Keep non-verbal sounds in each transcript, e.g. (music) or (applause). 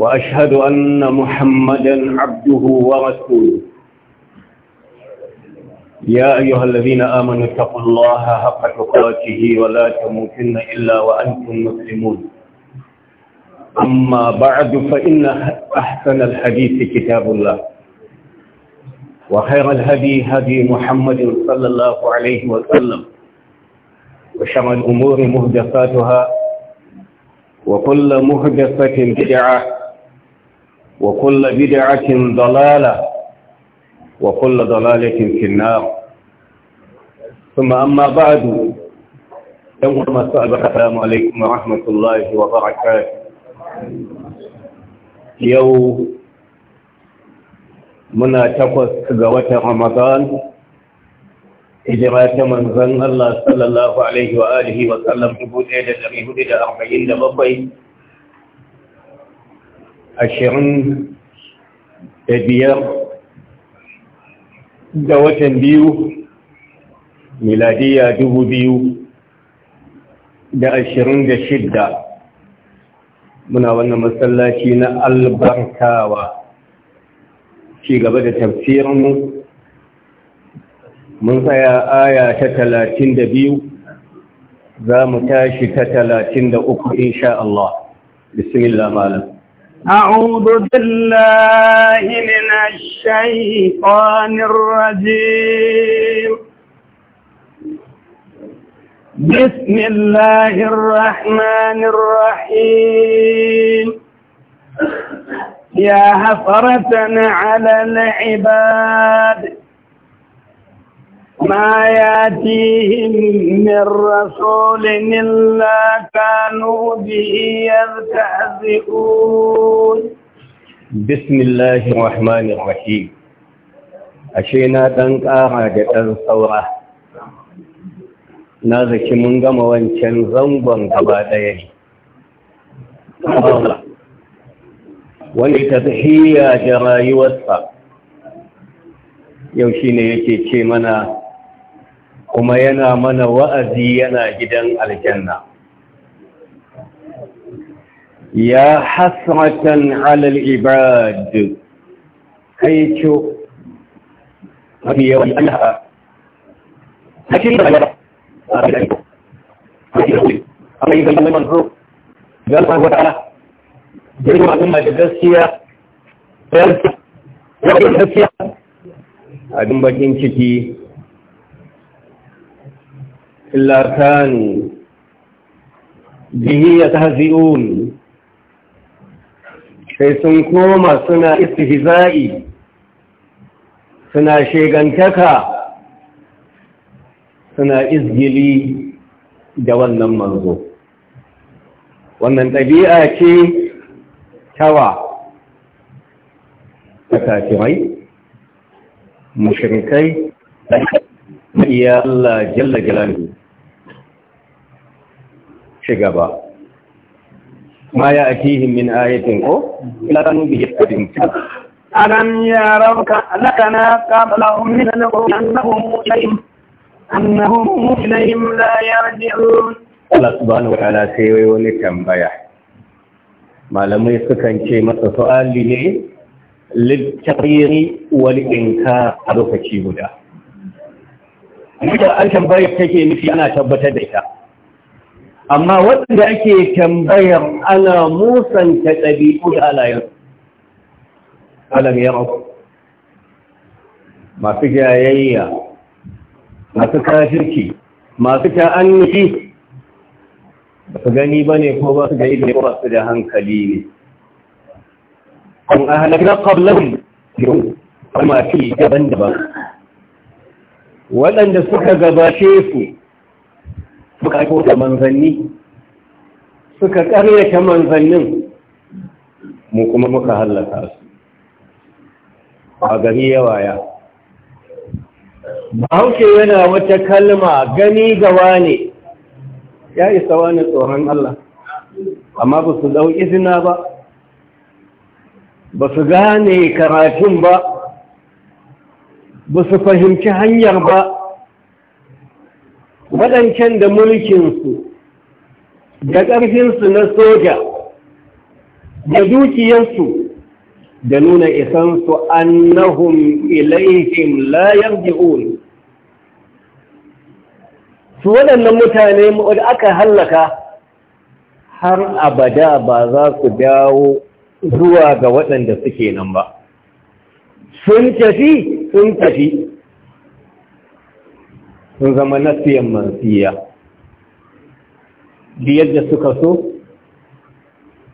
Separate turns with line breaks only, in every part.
وأشهد أن محمدا عبده ورسوله يا أيها الذين آمنوا اتقوا الله حق تقاته ولا تموتن إلا وأنتم مسلمون أما بعد فإن أحسن الحديث كتاب الله وخير الهدي هدي محمد صلى الله عليه وسلم وشر الأمور مهدفاتها وكل مهدفة بدعة وكل بدعة ضلالة وكل ضلالة في النار ثم أما بعد يوم السابق السلام عليكم ورحمة الله وبركاته يوم منا تقص قوة رمضان هجرات من ظن الله صلى الله عليه وآله وسلم حبود إيدا لريهود إلى أربعين لبطين ashirin da biyar da watan biyu miladiya dubu biyu da ashirin da shidda muna wannan masallaci na albarkawa ci gaba da tafsirinmu mun tsaya aya ta talatin da biyu za mu tashi ta talatin da uku insha Allah bismillah malam
أعوذ بالله من الشيطان الرجيم بسم الله الرحمن الرحيم يا حفرة على العباد ما ياتيهم من رسول إلا كانوا به يرتعزئون
بسم الله الرحمن الرحيم أشينا تنقاها جتر ثورة نازك من قم وانشان زنبا قباديه wani tafiya da rayuwarsa yau shi ne yake ce mana kuma yana mana wa'azi yana gidan aljanna ya hasratan alal ibad kai ce mafi yawan Allah a cikin da yara a cikin da a yi zama manzo ga Allah wa ta'ala girma kuma da gaskiya da gaskiya abin bakin ciki إلا كانوا به يتهزئون
sai sun koma
suna istihza'i suna shegantaka suna izgili da wannan manzo wannan ɗabi'a ce tawa ta kafirai mashirkai da iya Allah jalla jalali ci gaba ma ya atihim min ayatin ko ila tanu bi
yaqin alam yarauka lakana qablahum min al-qur'an annahum ilayhim annahum ilayhim la yarji'un Allah subhanahu
wa ta'ala sai wai wani tambaya malamai sukan ce masa su'ali ne littafiri wani ɗinka a lokaci guda. Ita an tambayar take nufi ana tabbatar da ita. amma waɗanda ake tambayar ana musanta ɗabi'u da halayen alam yarau masu jayayya masu kafirki masu ta'annufi ba su gani ba ne ko ba su gani ne ko ba su da hankali ne Kun an ahalakna qablahum yau amma fi daban-daban waɗanda suka gabace su suka aiko da manzanni suka ta manzannin mu kuma muka hallaka su a gari yawaya bahaushe yana wata kalma gani gawa ne ya isa wani tsoron Allah amma ba su dau izina ba ba su gane karatun ba ba su fahimci hanyar ba waɗancan da mulkinsu da ƙarfinsu na soja da dukiyarsu da nuna isansu annahum ilaihim la yarji'un su waɗannan mutane wadda aka hallaka har abada ba za su dawo zuwa ga waɗanda suke nan ba sun tafi sun tafi sun zama nasiyan mansiya biyar da suka so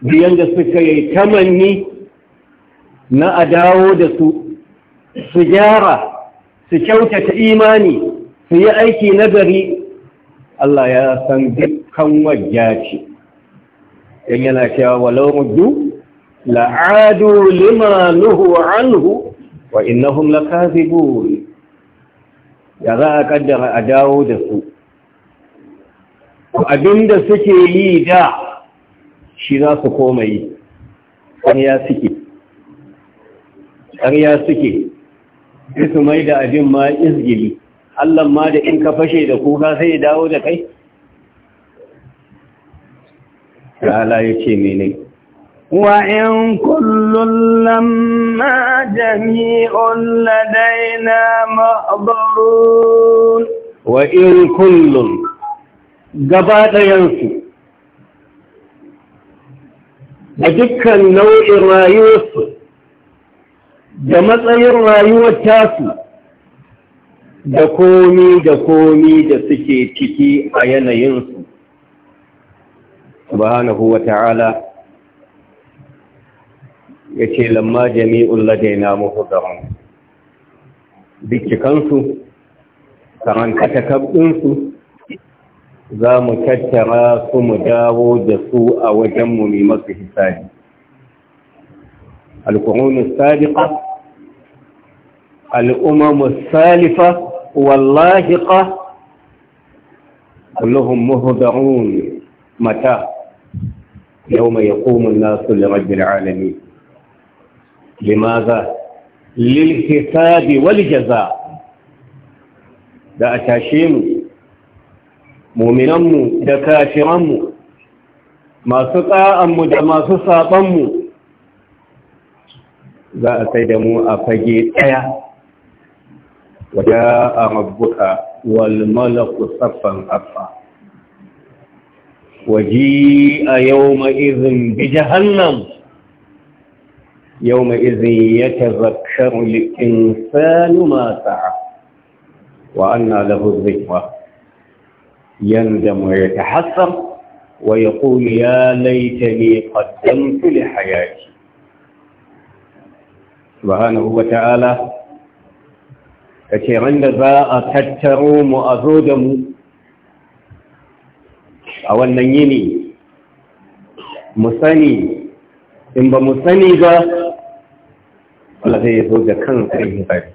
biyar da suka yi tamanni na a dawo da su su gyara su kyautata imani su yi aiki gari, Allah ya san dukkan wajja ce in yana cewa walau muddu la'adu lima nuhu anhu wa innahum lakazibun da za a kaddara a dawo da su abinda suke yi da shi za su koma yi ƙarya suke ƙarya suke su mai da abin ma izgili Allah ma da in ka fashe da kuka sai ya dawo da kai? ala ya ce ne.
وإن كل لما جميع لدينا مأضرون
وإن كل قبات ينسو
أجك النوع الرايوس جمت أي الرايو التاسو da
komi da komi da suke ciki a yanayinsu subhanahu wa ta'ala ya ce lamma jami'un ladaina muhudarun bincikansu karankatakabinsu za mu tattara su mu dawo da su a wajenmu mai masu hisabi alkurunin sadiqa al'ummamu salifa wallahiqa kullum muhudarun mata yau mai yaƙomin nasu da rabin alamin limaza lil hisabi wal jaza da a tashe mu muminanmu da kafiranmu masu tsa'anmu da masu saɓanmu za a sai da mu a fage ɗaya wadda a rabbuka walmalaku saffan affa waji a yau ma'izin bi jahannam يومئذ يتذكر الإنسان ما سعى وأنى له الذكرى يندم ويتحسر ويقول يا ليتني قدمت لحياتي سبحانه وتعالى kace randa za a tattaro mu a zo da mu Allah zai zo da kan sai hisabi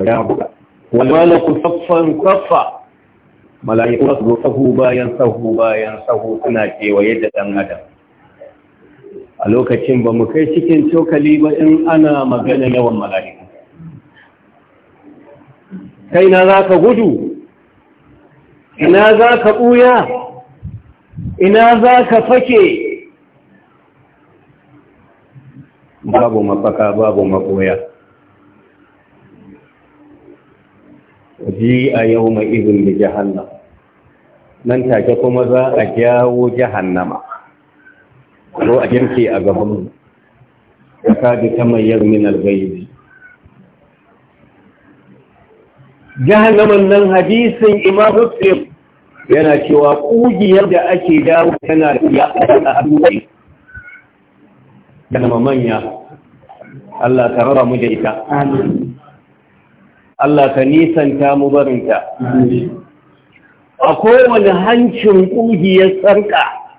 ya buka wal malaku
saffan saffa
mala'iku su zo sahu bayan sahu bayan sahu suna kewaye da ɗan adam a lokacin ba mu kai cikin cokali ba in ana magana yawan mala'iku kai na za ka gudu ina za ka
ɓuya ina za ka fake
babu mafaka babu makoya ji a yau mai izin da jahannam nan take kuma za a jawo jahannama ko a girke a gabanmu Ya kaji ta mayar min albayi jahannaman nan hadisin imam yana cewa ƙugiyar da ake dawo tana da ya a abubuwa kalma manya Allah ka raba mu da ita Allah ka nisanta mu barinta a kowane hancin ƙungiyar sarƙa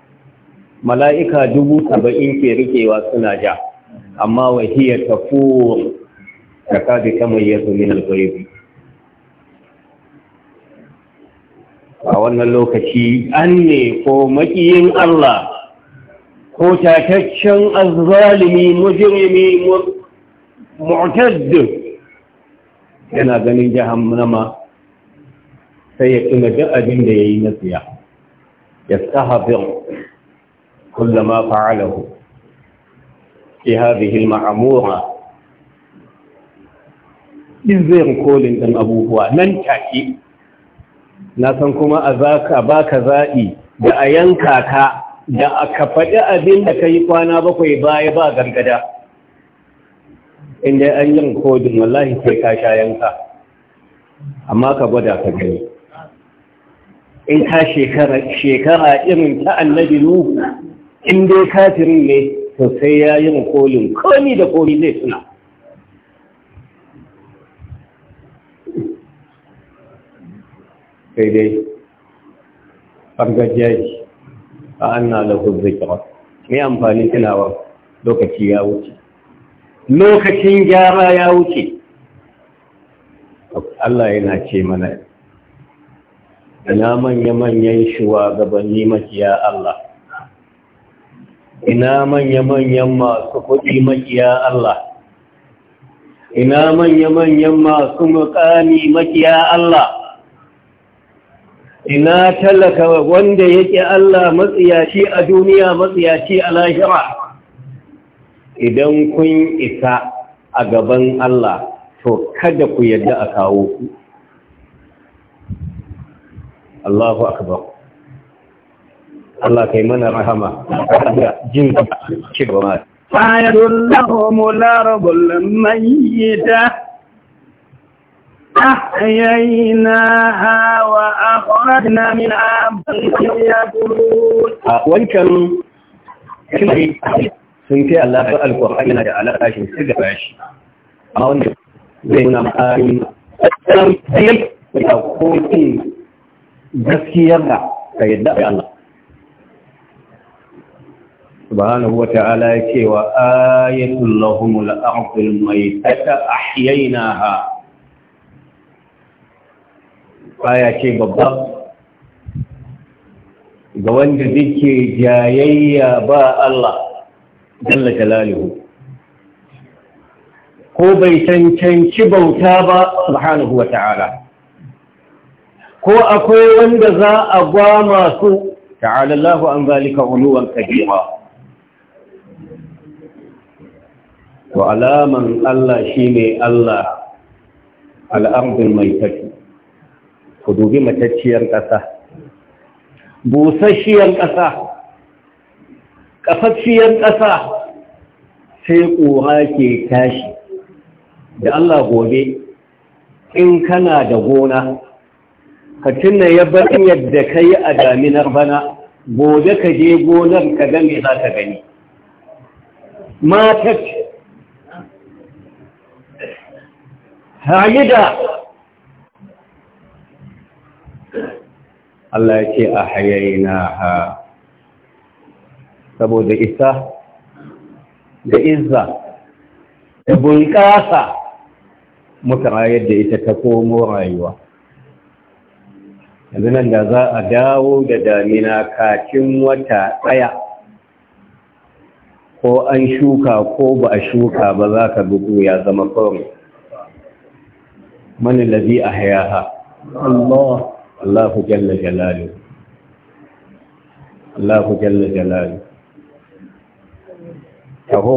mala'ika dubu saba'in ke rikewa suna ja amma wahiyar tafur da kaji ta yanzu min alghaibi a wannan lokaci an ne ko makiyin Allah ko tataccen azzalimi mujrimi mu'tad yana ganin jahannama sai ya tuna duk abin da yayi na tsiya yastahfir kullama fa'alahu fi hadhihi al-ma'mura din zai rikolin ɗin abubuwa nan take na san kuma a baka zaɓi da a yanka ka da aka faɗi abin da ka yi kwana bakwai baya ba gargada inda an yin kodin wallahi sai ka sha yanka amma ka gwada ka gani in ka shekara irin ta annabi nuhu in dai kafirin ne to sai ya yin kolin komi da komi zai suna sai dai fargajiya fa anna lahu dhikra me amfani tilawa lokaci ya wuce lokacin gyara ya wuce Allah yana ce mana ina manya-manyan gabanni makiya Allah ina manya-manyan masu kuɗi makiya Allah ina manya-manyan masu mukami makiya Allah ina talaka wanda yake Allah matsiyaci a duniya matsiyaci a lahira idan kun isa a gaban Allah to kada ku yadda a kawo ku Allahu akbar Allah kai mana rahama jin ci gaba
mularabul mayyitah أحييناها وأخرجنا منها بيتا يأكلون
Allah ta alƙur'ani yana da shi su gaba shi a wanda zai nuna da gaskiyar da yadda a Allah subhanahu wa ta'ala ya ayatul lahumul ahyaynaha aya ce babba ga wanda duke jayayya ba Allah jalla jalaluhu ko bai cancanci bauta ba subhanahu wa ta'ala ko akwai wanda za a gwama su ta'ala Allahu an zalika uluwan kabira to alaman Allah shi ne Allah al'amdul mai tafi ku dubi matacciyar ƙasa busasshiyar ƙasa ƙafafshiyar ƙasa sai ƙura ke tashi da Allah gobe in kana da gona ka tuna ya yadda ka yi a daminar bana gobe ka je gonar ka gani za ka gani matar
hayida
Allah ya ce a hayayina ha saboda isa da izza da bunƙasa muka rayar da ita ta komo rayuwa yanzu nan da za a dawo da damina kacin wata ɗaya ko an shuka ko ba a shuka ba za ka bugu ya zama kawai mani labi a hayaha Allah Allahu jalla jalalu Allahu jalla jalali. taho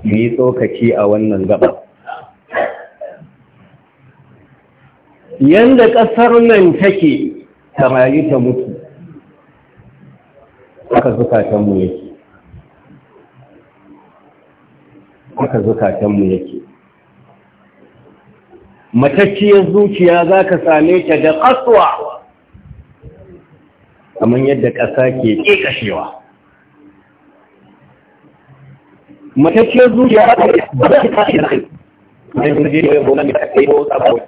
yi tsokaci a wannan gaba yanda ƙasar nan take ta rayu ta mutu aka zukatanmu yake aka zukatanmu yake matacciyar zuciya za ka same ta da ƙaswa kamar yadda ƙasa ke ƙeƙashewa matacciyar zuciya ba za ta kashe na kai da yau kai ko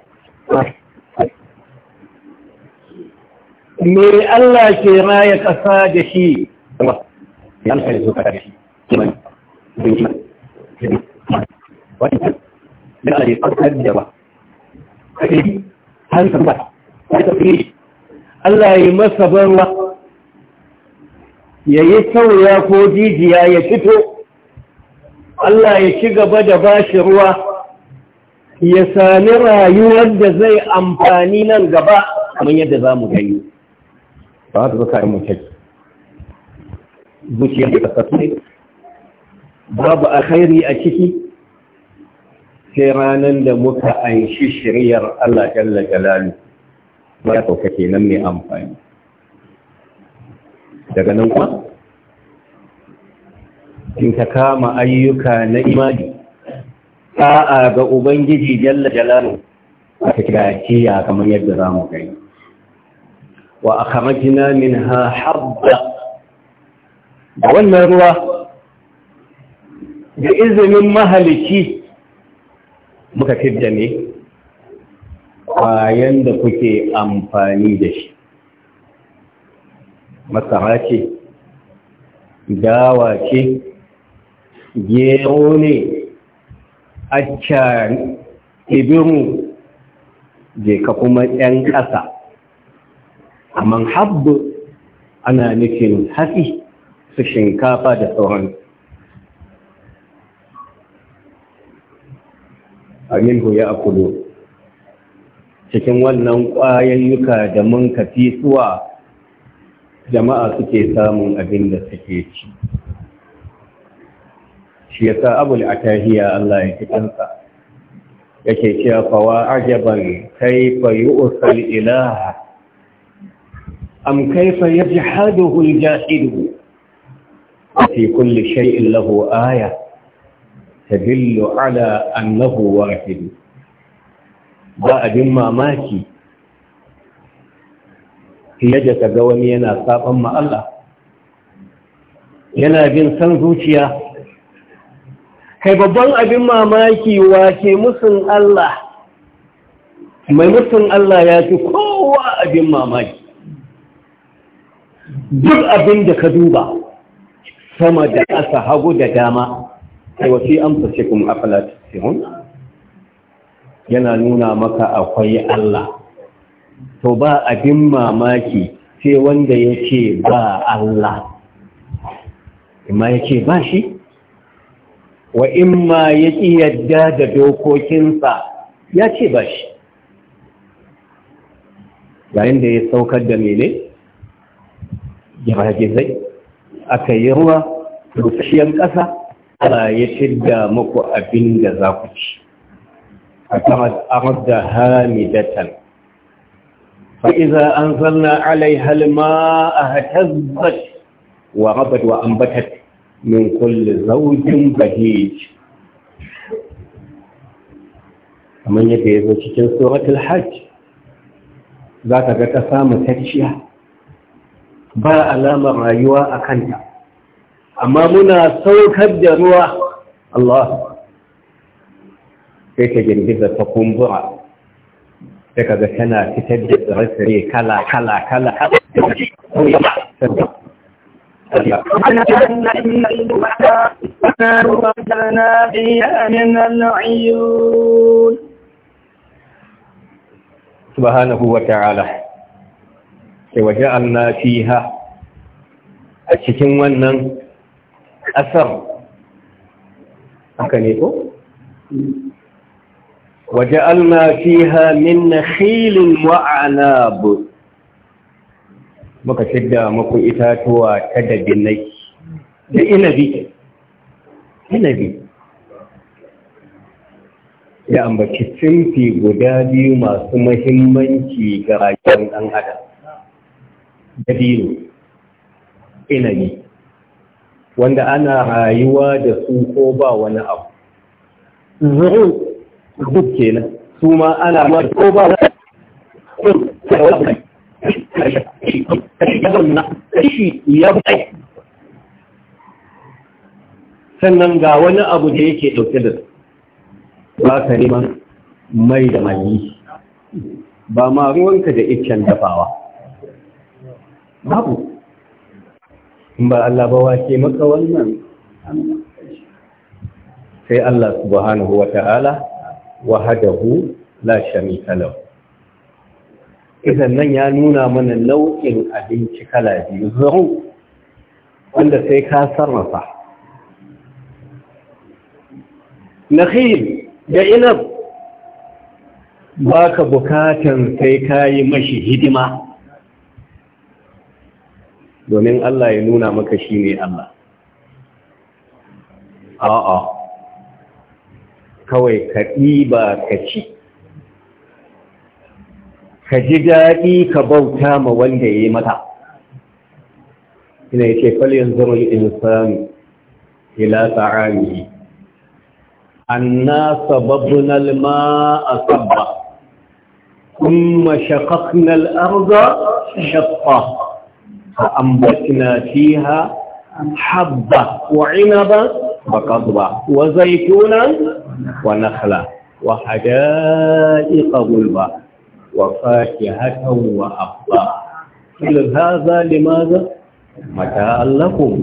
me Allah ke raya ƙasa da shi zuka da shi kiman wani da ya da ba kai ba kai Allah masa barwa ya yi sauya ko jijiya ya fito Allah ya ci gaba da bashi ruwa ya sami rayuwar da zai amfani nan gaba kamar yadda za mu gani ba haka zuka yi mutum zuciya da kasashe babu a alkhairi a ciki sai ranar da muka anshi shiryar Allah jalla jalalu ba ya sauka kenan mai amfani daga nan kuma in ta kama ayyuka na imani a ga ubangiji jalla jalalu a tikiraciya kamar yadda za mu gani wa akhrajna minha habba da wannan ruwa da izinin mahalici muka fidda ne bayan da kuke amfani da shi masara ce dawa ce gero ne acca ibiru je ka kuma 'yan ƙasa amma habbu ana nufin hatsi su shinkafa da sauransu aminhu ya kudu. cikin wannan ƙwayayyuka da mun kafi suwa jama'a suke samun abin da suke ci shi ya sa abul atahiya Allah ya ci kansa yake cewa wa ajaban kaifa yu'sal ilaha am kaifa yajhaduhu al-jahidu fi kulli shay'in lahu aya tadillu ala annahu wahid ba abin mamaki fiye da ga wani yana saban ma yana bin san zuciya kai babban abin mamaki ke musun Allah mai musun Allah ya fi kowa abin mamaki duk abin da ka duba sama da asa hagu da dama kai wasi an fashe kuma afalat sihun yana nuna maka akwai Allah to ba abin mamaki sai wanda ya ce ba Allah imma ya ce ba shi wa imma ya ƙi yadda da dokokinsa ya ce ba shi yayin da ya saukar da ya mene giragizai aka yi ruwa rufashiyar ƙasa ana ya shirya muku abin da za ku ci a kamar da hamidatan فإذا أنزلنا عليها الماء اهتزت وربت وأنبتت من كل زوج بهيج kamar yadda ya zo cikin suratul hajj za ka ga ƙasa matacciya ba alamar rayuwa a kanta amma muna saukar da ruwa Allah sai ta girgiza ta kumbura kaga tana fitar da tsirrai kala kala kala سبحانه وتعالى وجعلنا فيها أشكين ونن أثر أكنيكو وجعلنا فيها من نخيل وعناب muka shidda muku itatuwa ta dabinai da inabi inabi ya ambaci tsinfi guda biyu masu mahimmanci ga rayuwar ɗan adam dabino inabi wanda ana rayuwa da su ko ba wani abu zuru duk kenan su ma ana ma ko ba za sannan ga wani abu da yake ɗauke da ba ka neman mai da mai ba ma ruwanka da iccen dafawa babu ba Allah ba wace maka wannan sai Allah subhanahu wa ta'ala wahadahu la sharika lahu idan nan ya nuna mana nau'in abinci kala biyu zaro wanda sai ka sarrafa nakhil da inab baka bukatan sai ka yi mashi hidima domin Allah ya nuna maka shi ne Allah a'a kawai ka ɗiba ka ci ka ji daɗi ka bauta ma wanda ya yi mata ina yake falin zama insani ila tsarani anna sababna a sabba kuma shaqaqna al-arda shaqqa fa anbatna fiha habba wa 'inaba وقضبا وزيتونا ونخلا وحدائق غلبا وفاكهة وأبا كل هذا لماذا؟ متاعا لكم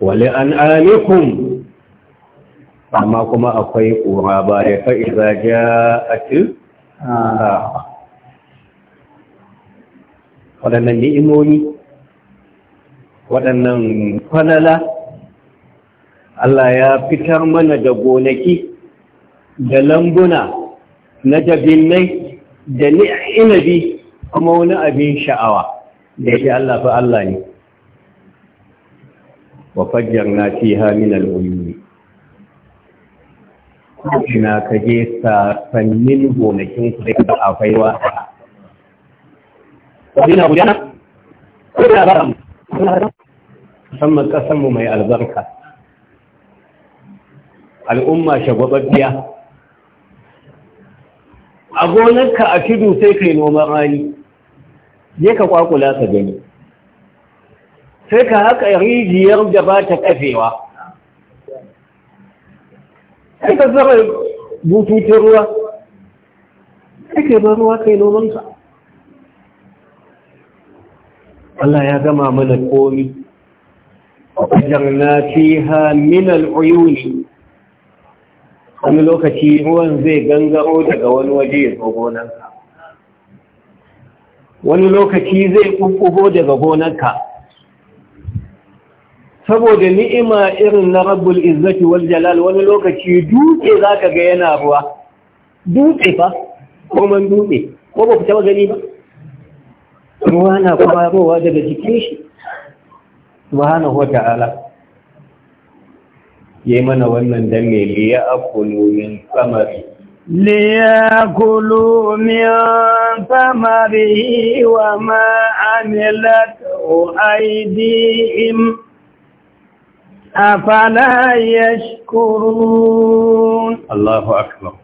ولأنعامكم amma kuma akwai ƙura ba ya fa'iza ja a ci? waɗannan ni'imomi waɗannan kwanala Allah ya fitar mana da gonaki da lambuna na dabinai da inabi kuma wani abin sha'awa da yake Allah fa Allah ne wa fajjarna fiha min al-uyuni ina je sassanin gonakin ku da ba faiwa ina gudana ko da ba musamman kasanmu mai albarka al'umma shagwababbiya a gonarka a tudu sai kai noman rani je ka kwakula ka gani sai ka haka rijiyar da ba ta kafewa
sai ka zara bututun ruwa sai ka ba ruwa kai nomanka
Allah ya gama mana komi wajen na fi ha minal uyuni wani lokaci ruwan zai gangaro daga wani waje ya zo gonanka wani lokaci zai kukkugo daga gonanka saboda ni'ima irin na rabbul izzati wal jalal wani lokaci dutse zaka ga yana ruwa dutse fa ko man dutse ko ba ku taba gani ba ruwa na kwarowa daga jikin shi subhanahu wa ta'ala yi mana wannan ne liya akulomin samari
liya kulomin samari wa ma'amilat o aidihim a fana ya shukurun
allahu akbar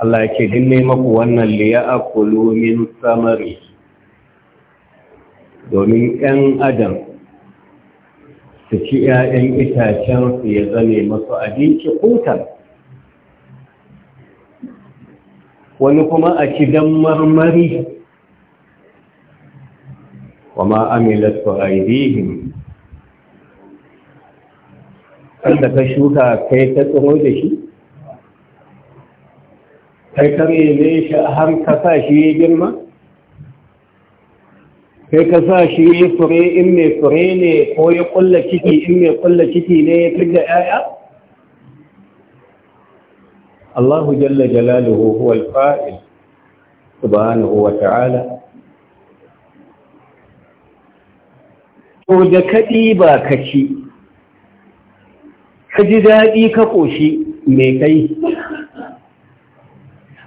allah ke dinne maku wannan liya akulomin samari domin 'yan adam su ci ‘ya'yan itacen su ya zane masu abinci hutar wani kuma a ci don marmari wa ma'amilar su aidihim Kanda ka shuka kai ta tsoro da shi kai ta rene shi har ka sa shi ya girma kai ka sa shi yi fure in mai fure ne ko ya kulla ciki in mai kulla ciki ne ya fidda ‘ya'ya? Allahu jalla jalaluhu huwal fa'il subhanahu wa ta'ala to da kaɗi ba kaci, ci ka ji daɗi ka ƙoshi me kai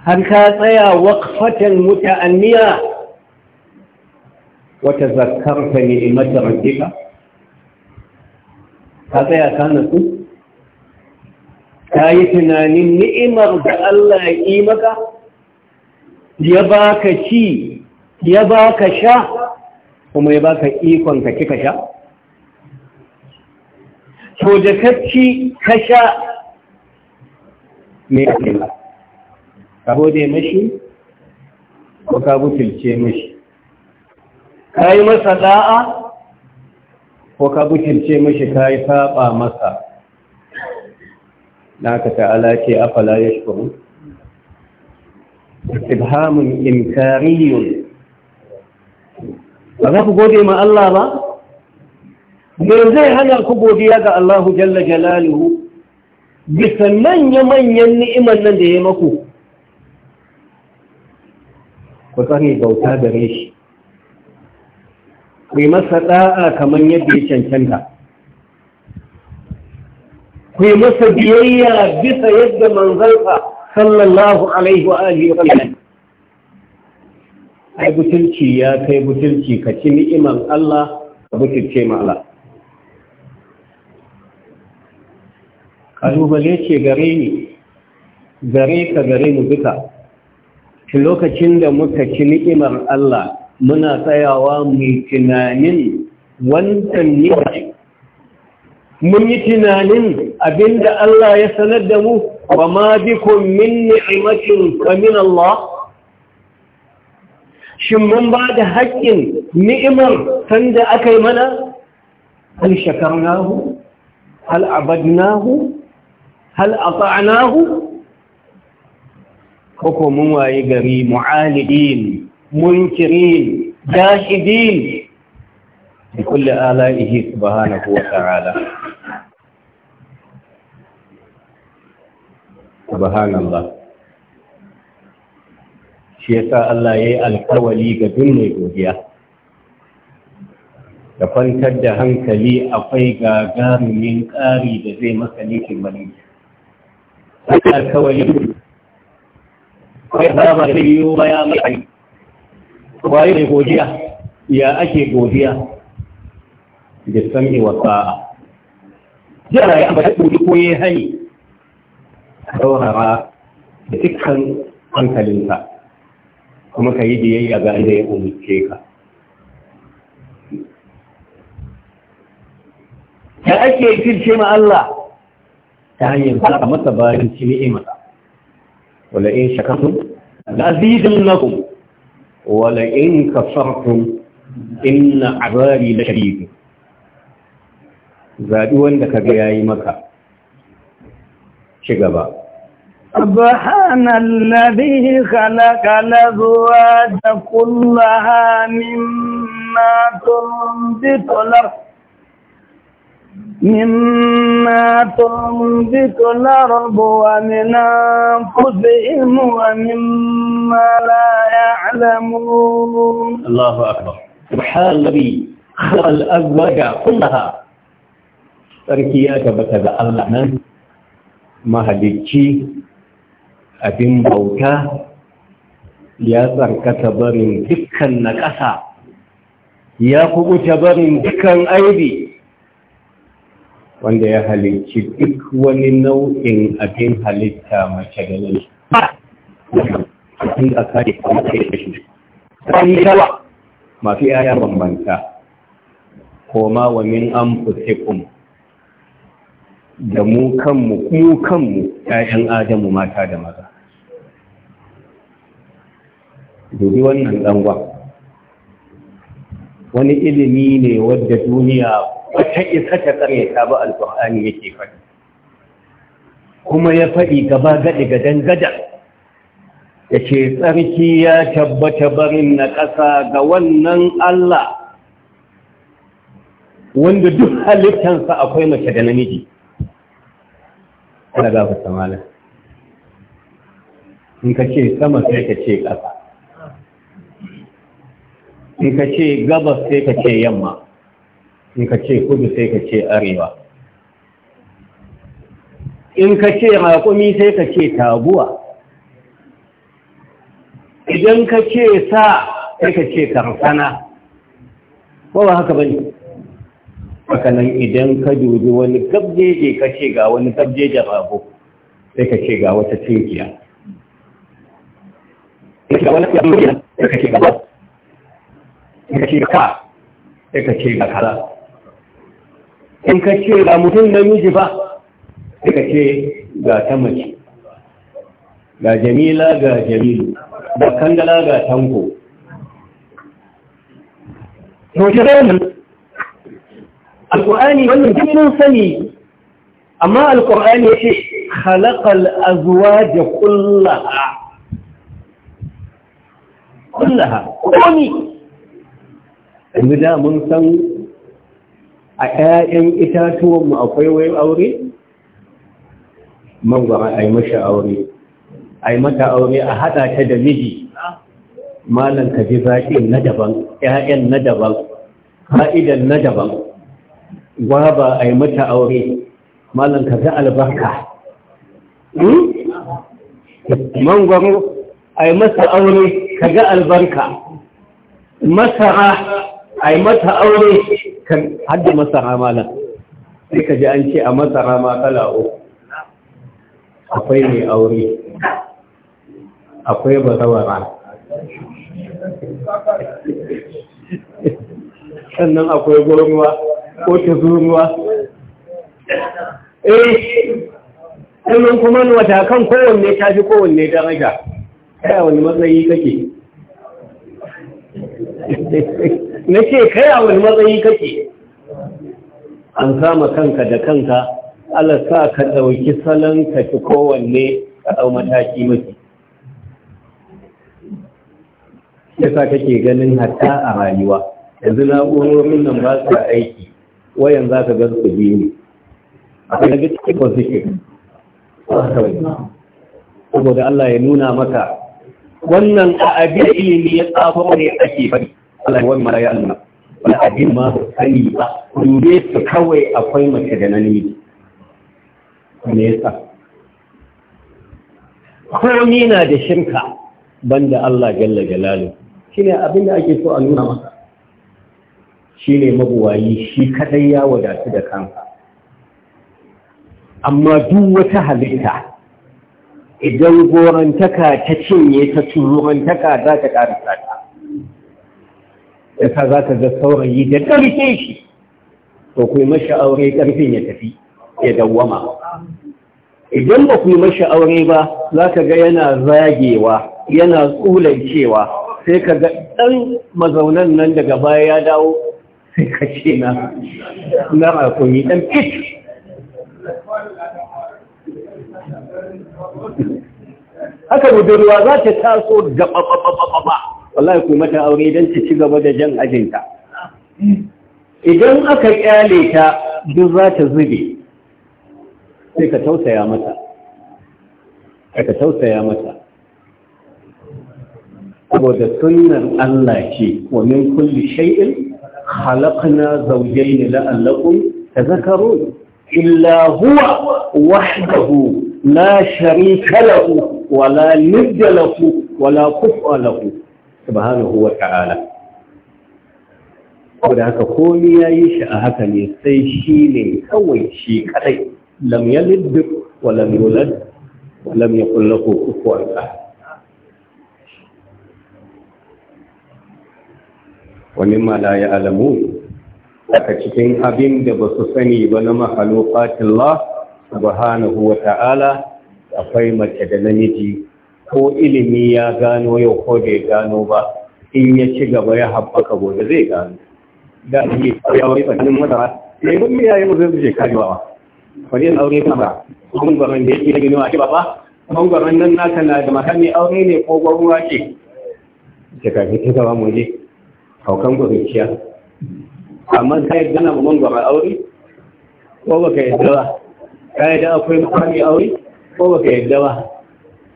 har ka tsaya waƙfatan muta'anniya وتذكرت نعمة ربك هذا يا كانت ta yi tunanin ni'imar da Allah ya yi maka ya baka ci ya baka sha kuma ya baka ikon ka kika sha to da ka ci ka sha me ka ka bude mashi ko ka butulce mashi
ka yi masa da'a
ko ka bukirce mashi ka yi saba masa Na ka ta'ala ce afala ya shukuru ibhamun imkariyun ba za ku gode ma Allah ba me zai hana ku godiya ga Allahu jalla jalaluhu bisa manya-manyan ni'imar nan da ya maku ku tsari bauta gare shi kai masa ɗa'a kamar yadda ya cancanta kai masa biyayya bisa yadda manzansa sallallahu alaihi wa alihi wa sallam ai butulci ya kai butulci ka ci ni'iman Allah ka butulce ma Allah kalubale ce gare ni gare ka gare mu duka lokacin da muka ci ni'imar Allah muna tsayawa mai tunanin wancan ne mun yi tunanin abinda Allah ya sanar da mu wa ma bikum min ni'matin Allah shin mun ba da haƙƙin ni'imar
sanda aka yi
mana hal nahu! hal nahu! hal nahu! ko mun waye gari mu'alidin منكرين جاهدين بكل آلائه سبحانه وتعالى سبحان الله shi الله Allah ya yi alkawali ga duk godiya da kwantar da hankali akwai gagarumin ƙari da zai maka nufin mani alkawali kai da baya mai waye ne godiya ya ake godiya da sami wa sa'a jira ya ambata ɗuri ko ya hani saurara da dukkan hankalinka kuma ka yi biyayya ga inda ya umarce ka da ake kirce ma Allah ta hanyar zaka masa bayan ci ni'ima wala in shakartum la azidannakum wala in ka farkun inna azari da shari'i zaɗi wanda ka ga yayi maka ci gaba
سبحان الذي خلق الأزواج كلها مما تنبت الأرض مما تنبت الأرض ومن أنفسهم ومما لا يعلمون
الله أكبر سبحان الذي خلق الأزواج كلها تركيا بكذا الله من mahalicci abin bauta ya tsarkata barin dukkan na ƙasa ya kubuta barin dukkan aibi wanda ya halicci duk wani nau'in abin halitta mace da nan kuma shi mafi yaya bambanta koma wa min an fusikun da mu kanmu mu kanmu ƴaƴan adamu mata da maza dubi wannan ɗangwa wani ilimi ne wadda duniya wata isa ta tsare ba alƙur'ani yake faɗi kuma ya faɗi gaba gaɗi ga dangada ya ce tsarki ya tabbata barin na ƙasa ga wannan Allah wanda duk halittansa akwai mace da namiji ana gafa samala in ka ce sama sai ka ce ƙasa in ka ce gabas sai ka ce yamma in ka ce kudu sai ka ce arewa in ka ce raƙumi sai ka ce taguwa idan ka ce sa sai ka ce karsana ko ba haka bane hakanan idan ka dubi wani gabjeje ka ce ga wani gabjeje rago sai ka ce ga wata tinkiya ga sai ka ce ga ba sai ka ce ga ka sai ka ce ga in ka ce ga mutum namiji ba sai ka ce ga ta mace ga jamila ga jamilu ba kangala ga tanko to shi ranar alƙur'ani wannan jirgin sani amma alƙur'ani ya ce khalaƙal azuwa da kullaha kullaha komi yanzu da mun san a ƴaƴan itatuwanmu akwai wai aure a yi masa aure A yi mata aure a haɗa ta da miji malan ka ji zaƙin na daban ƴaƴan na daban fa'idan na daban gwaba a yi mata aure malan ka ga albarka hmm? mangwaro a yi masa aure ka ga albarka masara a yi mata aure kan hadda masara malam sai ka ji an ce a masa ma kala uku akwai mai aure akwai bazawara sannan akwai gurguwa ko zuruwa
eh sannan
kuma wata kan kowanne ta fi kowanne daraja kai a wani matsayi kake (laughs) na ce kai a wani matsayi kake an kama kanka da kanka Allah sa ka ɗauki salon ka fi kowanne ka ɗau mataki mafi yasa kake ganin hatta a rayuwa yanzu na'urorin nan ba su aiki wayan za ka gan biyu ne akwai na gaske ko ke saboda Allah ya nuna maka wannan a abin ilimi ya tsafa ne ake fari. Allah wani mara ya wani abin ma su sani ba dube su kawai akwai mace da yi. me yasa ko ni na da shirka banda Allah jalla jalalu shine abin da ake so a nuna maka shine mabuwayi shi kadai ya wadatu da kansa amma duk wata halitta idan gorantaka ta cinye ta turantaka za ta ƙarisa ta da ka za ka ga saurayi da ƙarfe shi to ku yi mashi aure ƙarfin ya tafi ya dawwama idan ba ku yi mashi aure ba za ka ga yana zagewa yana tsulancewa sai ka ga ɗan mazaunan nan daga baya ya dawo sai ka ce na na rakuni ɗan fit haka budurwa za ta taso da ba wallahi ku mata aure don ta ci gaba da jan ajinta idan aka kyale ta duk za ta zube sai ka tausaya mata ka tausaya mata saboda sunnar Allah ce wa min kulli shay'in khalaqna zawjayn la'allakum tadhakkarun illa huwa wahdahu la sharika lahu wa la nidda lahu wa la kufa lahu subhanahu wa ta'ala saboda haka komi ya yi shi a haka ne sai shi ne kawai shi kadai lam yalid wa lam yulad wa lam yakul lahu kufuwan ahad wa mimma la ya'lamu cikin abin da ba su sani ba na mahalukatillah subhanahu wa ta'ala akwai mace da namiji ko ilimi ya gano yau ko bai gano ba in ya ci gaba ya haɓaka gobe zai gano da ake kawo ya wani masara ne mun miya yi mutum zai kare ba wani yin aure sama kun gwaron da yake gino a ake ba kun gwaron nan naka na da maka mai aure ne ko gwaron ke. ta kafin ta gaba mu je haukan gwaron amma ka yi gana mun gwaron aure ko baka yadda ba ka yadda akwai mutane aure ko baka yadda ba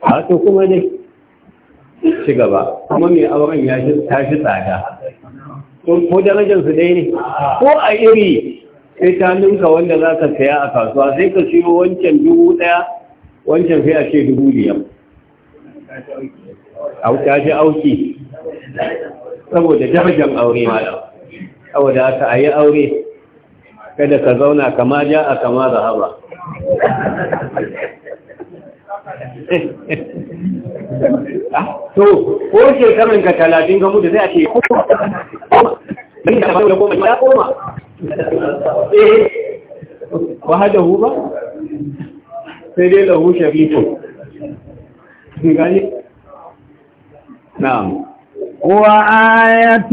a to kuma dai ci gaba kuma mai auren ya tashi tsada ko darajarsu dai ne ko a iri sai ta ninka wanda za ka saya a kasuwa sai ka siyo wancan dubu ɗaya wancan sai a ce dubu biyar
ta shi auki
saboda darajar aure mala saboda aka a yi aure kada ka zauna kama ja a kama zahaba to ko ke shekarun ka talatin ga mutu sai a ce koma da ba da koma ya koma eh ba wahada hu ba sai dai lahu sharifun
gani na'am وآية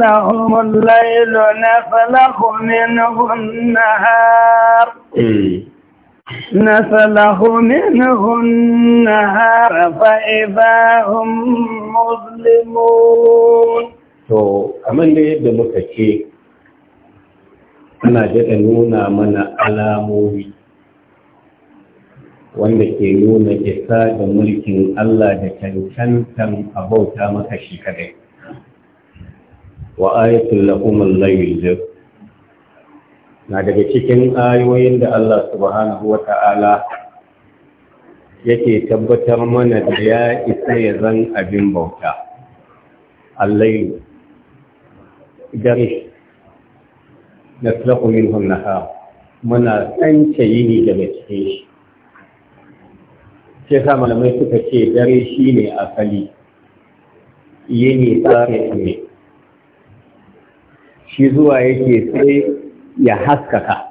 لهم الليل نفلخ منه النهار نسله منه النهار فإذا هم مظلمون
to kamar da yadda muka ce ana daɗa nuna mana alamomi wanda ke nuna isa da mulkin Allah da cancantan abauta maka shi kadai wa ayatul lahumul laylil na daga cikin ayoyin da Allah subhanahu wa ta'ala yake tabbatar mana da ya isa ya zan abin bauta Allai, dare na tlakumin hunnaha muna tsance yini daga cikin shi sai sa malamai suka ce dare shi ne asali yini tsari ne shi zuwa yake sai ya haskaka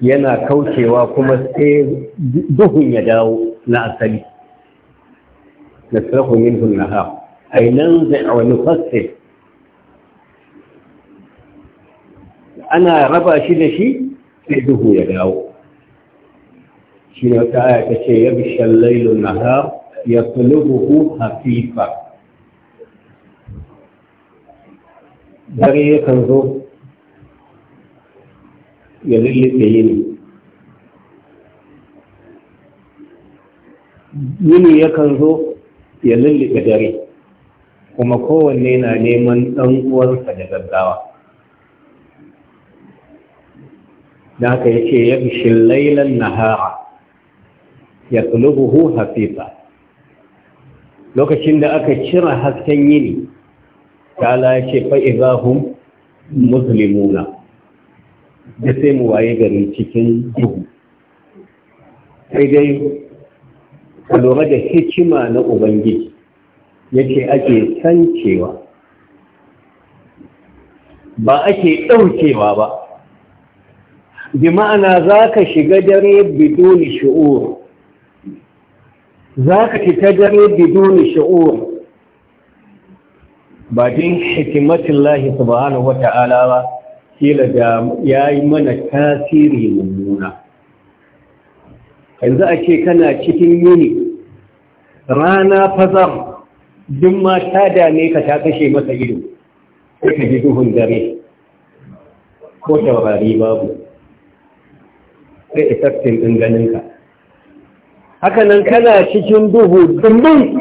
yana kaucewa kuma sai duhun ya dawo na asali na tsirahu a yi nan zai a wani fasir ana raba shi da shi sai duhu ya dawo shi ne wata aya ta ce ya bishan lailun nahar ya tulubuhu hafifa dare yakan zo ya lullufe yini yini yakan zo ya lullufe dare kuma kowanne na neman ɗan uwansa da gaggawa da haka yake ya bishin lailan nahara ya tulubuhu hafifa lokacin da aka cira hasken yini ta lashe fa'izahun musulmuna da sai mu waye gari cikin duhu sai dai ka lura da hikima na ubangiji yake ake sancewa ba ake ɗaukewa ba bi ma'ana za ka shiga dare bidoni shu'ur za ka fita dare bidoni shu'ur ba din hikimatin lahi subhanahu wa ba kila da ya yi mana tasiri mummuna yanzu a ce kana cikin yini rana fazar duk ma ta dame ka ta kashe masa ido sai ka ji duhun dare ko taurari babu sai isassin ɗin ganinka
haka nan kana cikin duhu dumbin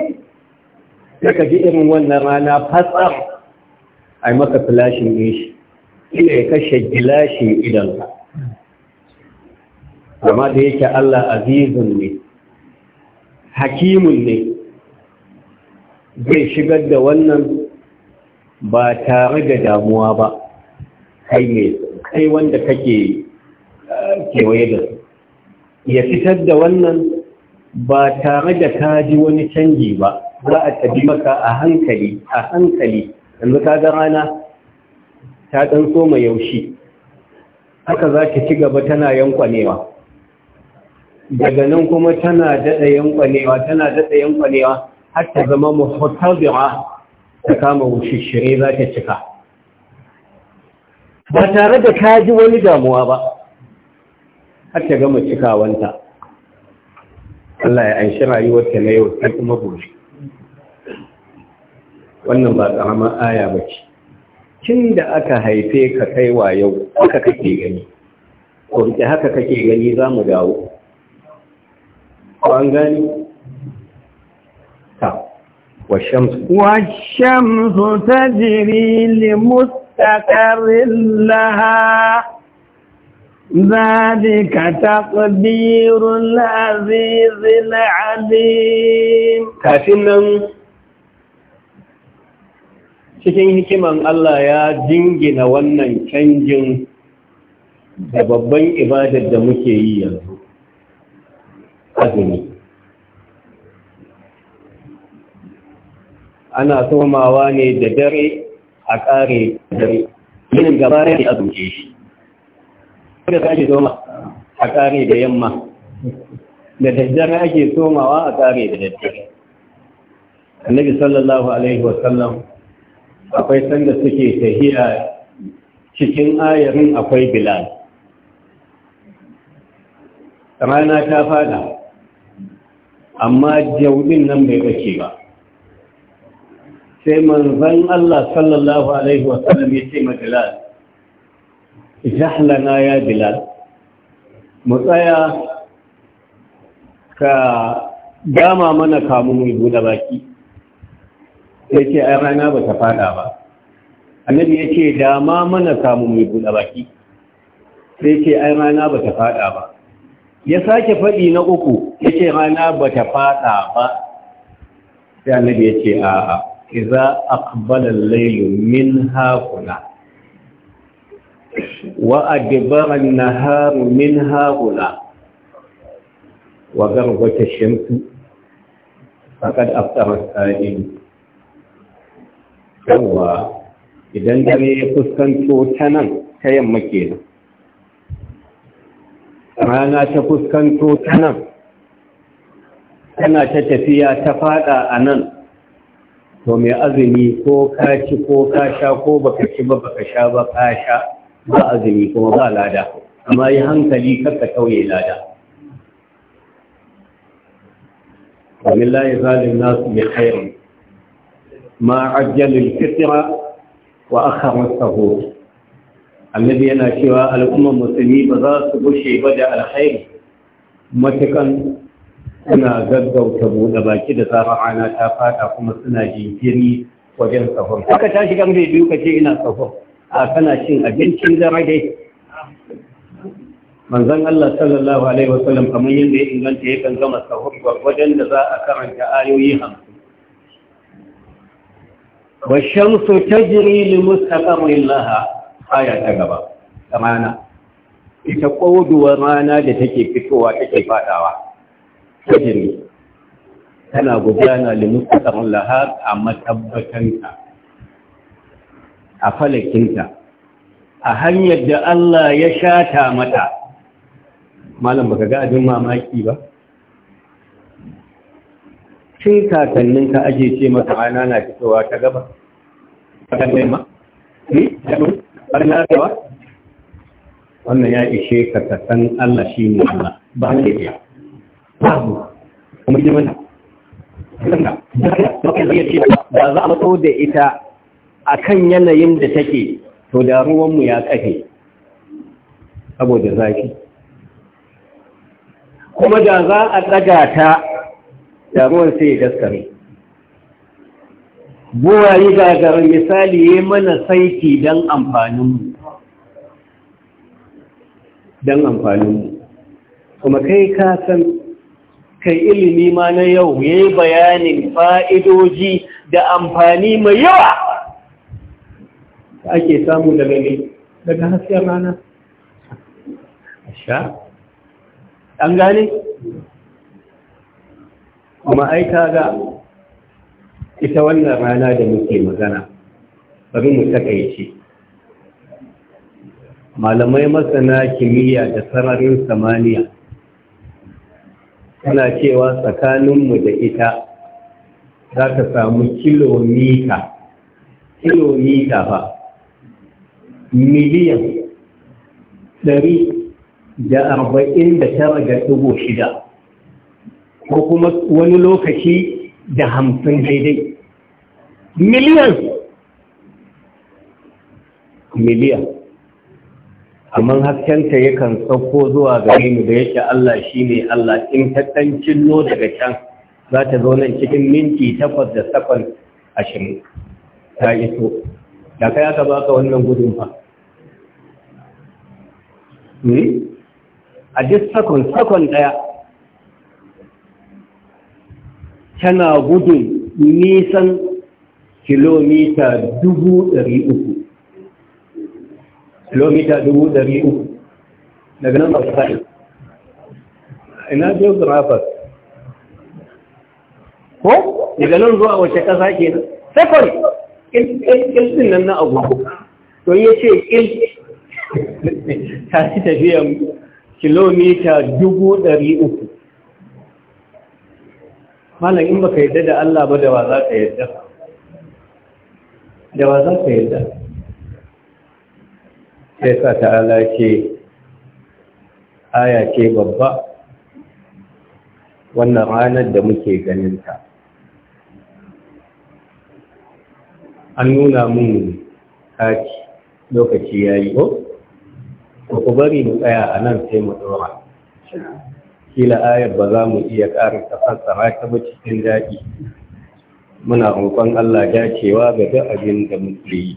sai ka ji irin wannan rana fatsar a yi maka flashin ne shi ila ya kashe gilashi idanka amma da yake Allah azizun ne hakimun ne zai shigar da wannan ba tare da damuwa ba kai ne kai wanda kake eh, kewaye da su ya fitar da wannan ba tare da ka ji wani canji ba za a tabi maka a hankali a hankali yanzu ka ga rana ta ɗan soma yaushe haka za ta ci gaba tana yankwanewa daga nan kuma tana daɗa yankwanewa tana daɗa yankwanewa har ta zama mutabi'a ta kama wushishire za ta cika ba tare da ka ji wani damuwa ba har ta gama cikawanta Allah ya anshi rayuwarta na yau sai kuma gobe wannan ba ƙaramar aya ba ce tun da aka haife ka kai wa yau haka kake gani ko da haka kake gani za mu dawo ko an gani
ta wa washamsu tajri li mustaqarrin laha zalika taqdirul azizil alim kafin nan
cikin hikiman Allah ya jingina wannan canjin da babban ibadar da muke yi yanzu azumi ana somawa ne da dare a ƙare dare yin gaba ne a zuke shi da sake soma a ƙare da yamma da daddare ake somawa a ƙare da daddare annabi sallallahu alaihi wasallam akwai sanda suke tahiya cikin ayarin akwai bilal rana ta fada amma jaudin nan bai kace ba sai manzon Allah sallallahu Alaihi sallam ya ce ma bilal jahlana ya bilal mu tsaya ka dama mana kamun mai buɗe baki Sai ce ai rana ba ta fada ba annabi ya ce dama mana samu mai buɗe baki sai ce ai rana ba ta fada ba ya sake faɗi na uku ya ce rana ba ta fada ba sai annabi ya ce a'a iza aqbala al-layl min hakuna wa adbara an-nahar min hakuna wa garbat ash shamsu faqad aftara as-sa'im yawwa idan dare ya fuskanto ta nan ta yamma kenan rana ta fuskanto ta nan tana ta tafiya ta fada a nan to mai azumi ko ka ci ko ka sha ko baka ci ba baka sha ba ka sha ba azumi kuma ba lada amma yi hankali kakka kauye lada ومن لا يزال الناس بخير ma ajjalil fitra wa akhara sahur annabi yana cewa al'ummar musulmi ba za su bushe ba da alkhairi matukan suna gaggauta buɗe baki da zama ana ta fada kuma suna jinkiri wajen sahur haka ta shiga mai biyu ka ce ina sahur a kana cin abincin dare dai manzon Allah sallallahu alaihi wasallam kamar yadda ya inganta yakan gama sahur wajen da za a karanta ayoyi hamsin washamsu tajri li mustaqarrin laha aya ta gaba kamana ita koduwar rana da take fitowa take fadawa tajri tana gudana li mustaqarrin laha a matabbatanta a falakinta a hanyar da Allah ya shata mata malam baka ga abin mamaki ba tun kakannin ka aje ce maka ana na fitowa ta gaba ma wannan ya ishe ka ta san Allah shi ne Allah ba ne ya babu kuma ji mana ba za a matso da ita a kan yanayin da take to da ruwanmu ya kafe saboda zafi kuma da za a tsaga ta damuwar sai ya daskare buwayi gagarar misali ya mana saiti don amfaninmu don amfaninmu kuma kai ka san kai ilimi ma na yau ya yi bayanin fa'idoji da amfani mai yawa da ake samu daga ne daga hasken rana a sha an gane kuma ai ga ita wannan rana da muke magana bari mu takaice malamai masana kimiyya da sararin samaniya suna cewa tsakaninmu da ita za ka samu kilomita kilomita ba miliyan ɗari arba'in da tara da shida ko kuma wani lokaci da hamsin daidai miliyan miliyan amma haskenta yakan sauko zuwa gare mu da yake Allah shine Allah in ta ɗan daga can za ta zo nan cikin minti takwas da sakon ashirin ta iso da kai aka baka wannan gudun fa hmm? a duk sakon sakon ɗaya tana gudun nisan kilomita dubu ɗari uku kilomita dubu ɗari uku daga nan ba su ina geographers ko daga nan zuwa wace ƙasa ke nan second ƙilɗin nan na agogo to ya ce ƙil (laughs) ta ci tafiyan kilomita dubu ɗari uku malam in baka yadda da Allah ba da wa za ka yadda da wa ka yadda sai sa ta'ala ce aya ce babba wannan ranar da muke ganinta an nuna mun kaki lokaci ya yi ko ku bari mu tsaya a nan sai mu dora kila ayar ba za mu iya ƙarin tafasara ta ba cikin daɗi muna roƙon Allah dacewa ga duk abin da muke yi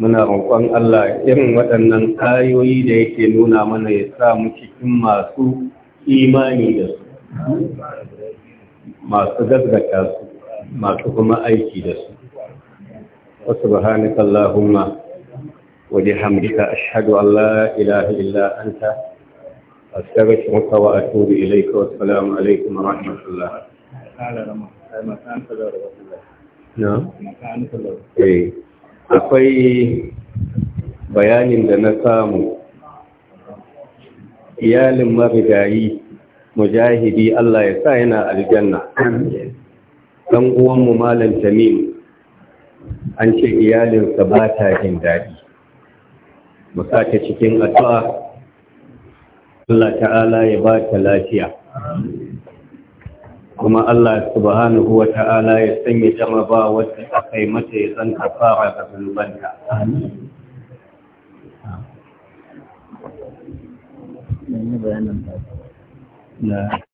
muna roƙon Allah irin waɗannan ayoyi da yake nuna mana ya sa mu cikin masu imani da su masu gaggata su masu kuma aiki da su wasu subhanaka Allahumma wa bihamdika ashhadu an la ilaha illa anta أستغفرك وأتوب إليك والسلام عليكم ورحمة الله نعم akwai bayanin da na samu iyalin marigayi mujahidi Allah ya sa yana aljanna ɗan uwanmu malam tamim an ce iyalinsa ba ta jin daɗi mu sake cikin addu'a Allah ta'ala ya ba ta lafiya kuma Allah subhanahu wa ta'ala ya sanya jaraba wata aka yi mata ya san kafara
da amin